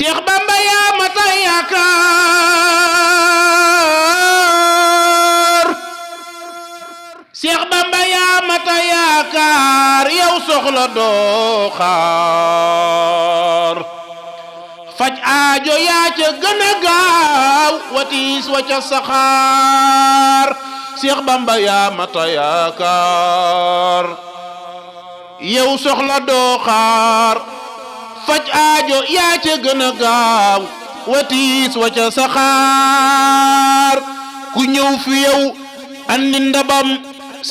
Cheikh Bamba yaa ma yaa ma tax soxla doo faj aajo yaa ca gaaw watiis wa ca saxaar Cheikh Bamba yaa ma tax yaakaar yow soxla doo faj aajo yaa ca gën a gaaw watiis wa ca saxaar ku ñëw fi yow andi ndabam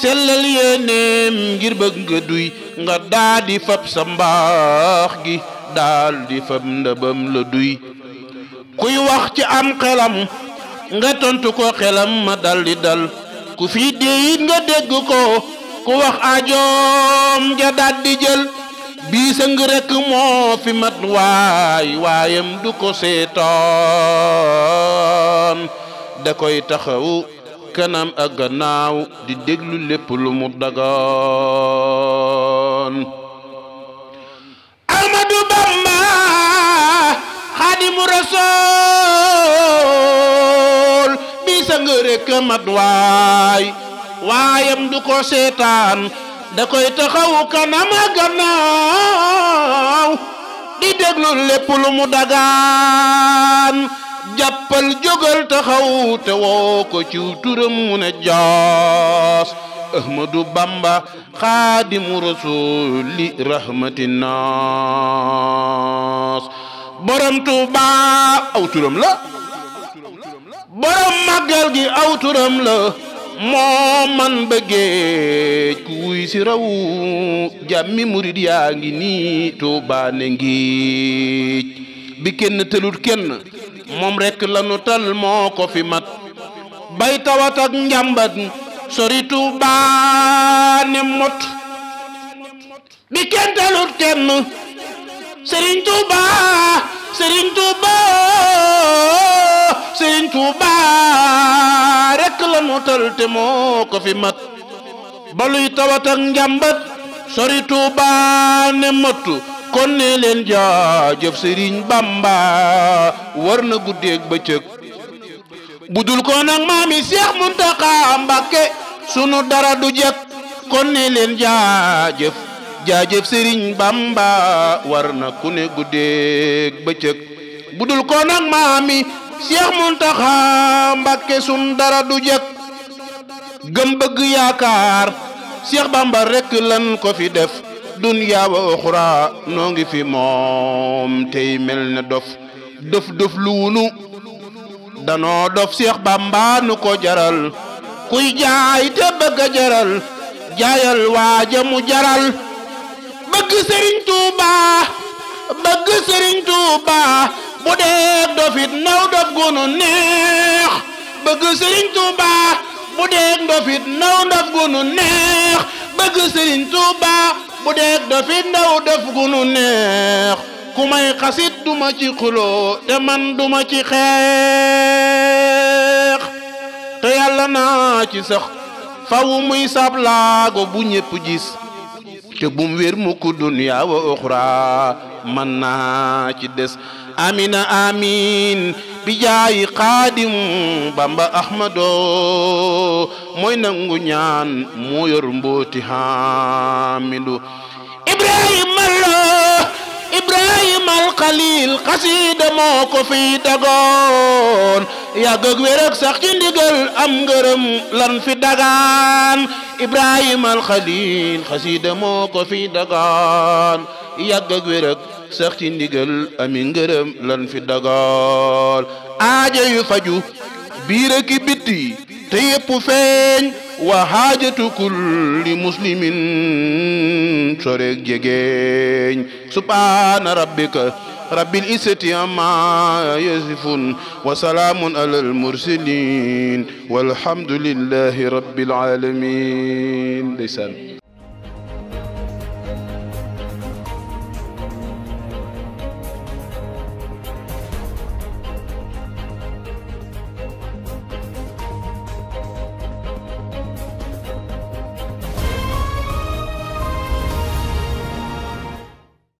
sellal yéeneem ngir bëgg nga duy nga daa di fab sa mbaax gi daal fab ndabam la duy kuy wax ci am xelam nga tontu ko xelam ma dal dal ku fi déyit nga dégg ko ku wax ajoom ja daal jël bii sëng rekk moo fi mat waay waayam du ko seetoon da koy taxawu kanam ak gannaaw di déglu lépp lu mu dagoon Ahmadu Bamba Xaadimu Rasuul bii sëng rekk mat waay waayam du ko seetaan da koy taxaw kanam a di déglu lépp lu mu dagaan jàppal jógal taxaw te woo ko ci turam mu ne jaas ahmadu bamba xaadimu rasuli rahmatinaas borom tuuba aw turam la borom màggal gi aw turam la moo man bëggee ku raw jàmmi murid yaa ngi nii Tuubaa ngiij bi kenn tëlut kenn moom rekk lanu moo ko fi mat bay tawat ak njàmbat sori mot bi tëlut kenn Sëriñ Tuubaa Sëriñ Tuubaa Sëriñ Tuubaa matal te moo ko fi mat baluy tawat ak njàmbat sori Tuubaa ne mottu kon ne leen jaajëf Sëriñ Bamba war na guddeeg bëccëg budul ko nag maami Seex Muntaxa Mbàkke sunu dara du jekk kon ne leen jaajëf jaajëf Sëriñ Bamba war na ku ne guddeeg bëccëg budul ko nag maami Seex Muntaxa Mbàkke sunu dara du jekk gëm bëgg yaakaar Cheikh Bamba rekk lan ko fi def dunyaa wa uxra noo ngi fi moom tey mel ne dof dof dof luunu danoo dof Cheikh Bamba nu ko jaral kuy jaay te bëgg jaral jaayal waaja mu jaral bëgg Serigne Touba bëgg Serigne Touba bu dee dofit naw dof gunu neex bëgg Serigne Touba bu dee ndofit naw ndof gu nu neex bëgg sëriñ Tuuba bu dee ndofit naw ndof gu nu neex ku may xasit duma ci xuloo te man duma ci xeex te yàlla naa ci sax faw muy sab bu ñépp gis te bum wér mukk duniyaa wa uxra man naa ci des amina amin bi jaayi bamba ahmado mooy nangu ñaan moo yor mbooti haamilu ibrahima lo ibrahima al xalil xasiida moo fi dagoon yàgg ak wér ak sax ci lan fi dagaan ibrahima al xalil xasiida moo fi dagaan yàgg ak sax ci ndigal ami ngërëm lan fi dagal aaja yu faju biir ak bitti feeñ wa haajatu kulli muslimin soreeg jegeeñ subhaana rabbika rabbil izzati amma yasifun wa salaamun alal mursalin walhamdulillahi rabbil alamin ndeysaan